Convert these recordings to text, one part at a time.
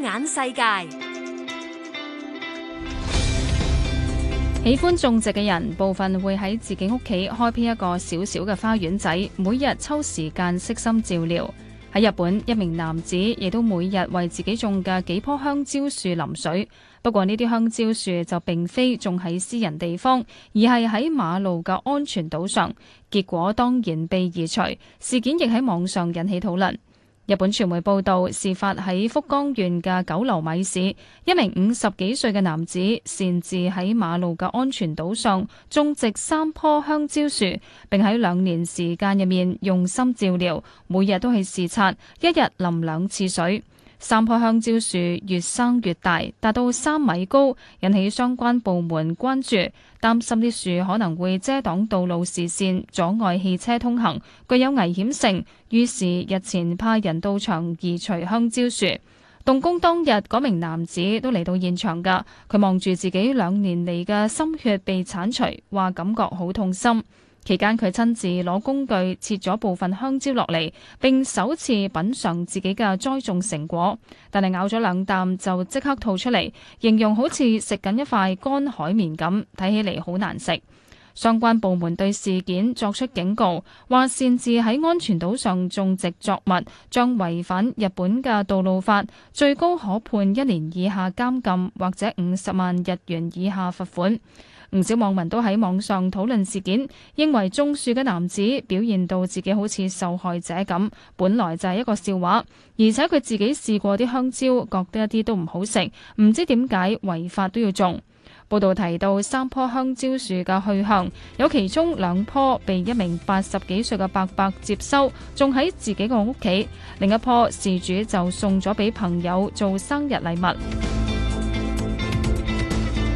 眼世界，喜歡種植嘅人部分會喺自己屋企開闢一個小小嘅花園仔，每日抽時間悉心照料。喺日本，一名男子亦都每日為自己種嘅幾棵香蕉樹淋水。不過呢啲香蕉樹就並非種喺私人地方，而係喺馬路嘅安全島上。結果當然被移除，事件亦喺網上引起討論。日本傳媒報道，事發喺福岡縣嘅久留米市，一名五十幾歲嘅男子擅自喺馬路嘅安全島上種植三棵香蕉樹，並喺兩年時間入面用心照料，每日都去視察，一日淋兩次水。三棵香蕉樹越生越大，達到三米高，引起相關部門關注，擔心啲樹可能會遮擋道路視線，阻礙汽車通行，具有危險性。於是日前派人到場移除香蕉樹。動工當日，嗰名男子都嚟到現場噶，佢望住自己兩年嚟嘅心血被鏟除，話感覺好痛心。期間佢親自攞工具切咗部分香蕉落嚟，並首次品嚐自己嘅栽種成果，但係咬咗兩啖就即刻吐出嚟，形容好似食緊一塊乾海綿咁，睇起嚟好難食。相關部門對事件作出警告，話擅自喺安全島上種植作物將違反日本嘅道路法，最高可判一年以下監禁或者五十萬日元以下罰款。唔少網民都喺網上討論事件，認為種樹嘅男子表現到自己好似受害者咁，本來就係一個笑話。而且佢自己試過啲香蕉，覺得一啲都唔好食，唔知點解違法都要種。報道提到三棵香蕉樹嘅去向，有其中兩棵被一名八十幾歲嘅伯伯接收，仲喺自己個屋企；另一棵事主就送咗俾朋友做生日禮物。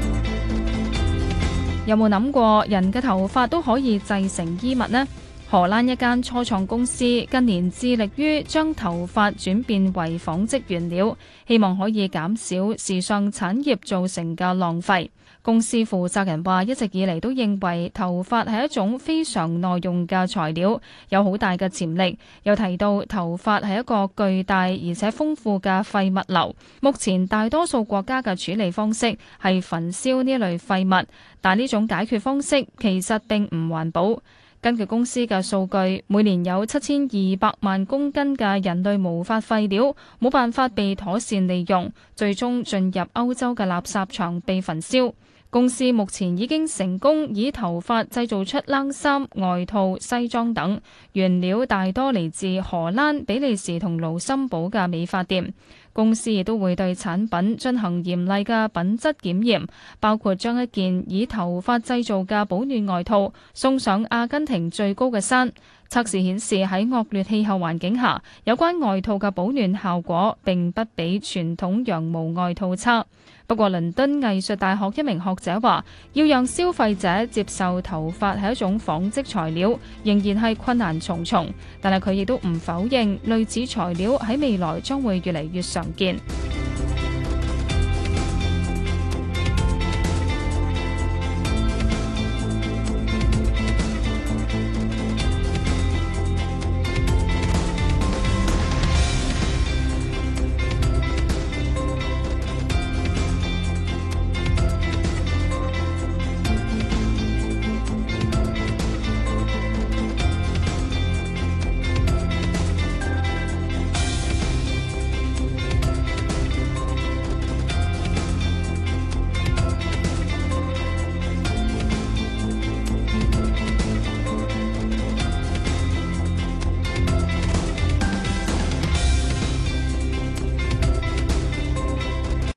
有冇諗過人嘅頭髮都可以製成衣物呢？荷蘭一間初創公司近年致力於將頭髮轉變為紡織原料，希望可以減少時尚產業造成嘅浪費。公司負責人話，一直以嚟都認為頭髮係一種非常耐用嘅材料，有好大嘅潛力。又提到頭髮係一個巨大而且豐富嘅廢物流。目前大多數國家嘅處理方式係焚燒呢類廢物，但呢種解決方式其實並唔環保。根據公司嘅數據，每年有七千二百萬公斤嘅人類毛髮廢料，冇辦法被妥善利用，最終進入歐洲嘅垃圾場被焚燒。公司目前已經成功以頭髮製造出冷衫、外套、西裝等原料，大多嚟自荷蘭、比利時同盧森堡嘅美髮店。公司亦都會對產品進行嚴厲嘅品質檢驗，包括將一件以頭髮製造嘅保暖外套送上阿根廷最高嘅山。測試顯示喺惡劣氣候環境下，有關外套嘅保暖效果並不比傳統羊毛外套差。不過，倫敦藝術大學一名學者話，要讓消費者接受頭髮係一種紡織材料，仍然係困難重重。但係佢亦都唔否認，類似材料喺未來將會越嚟越常見。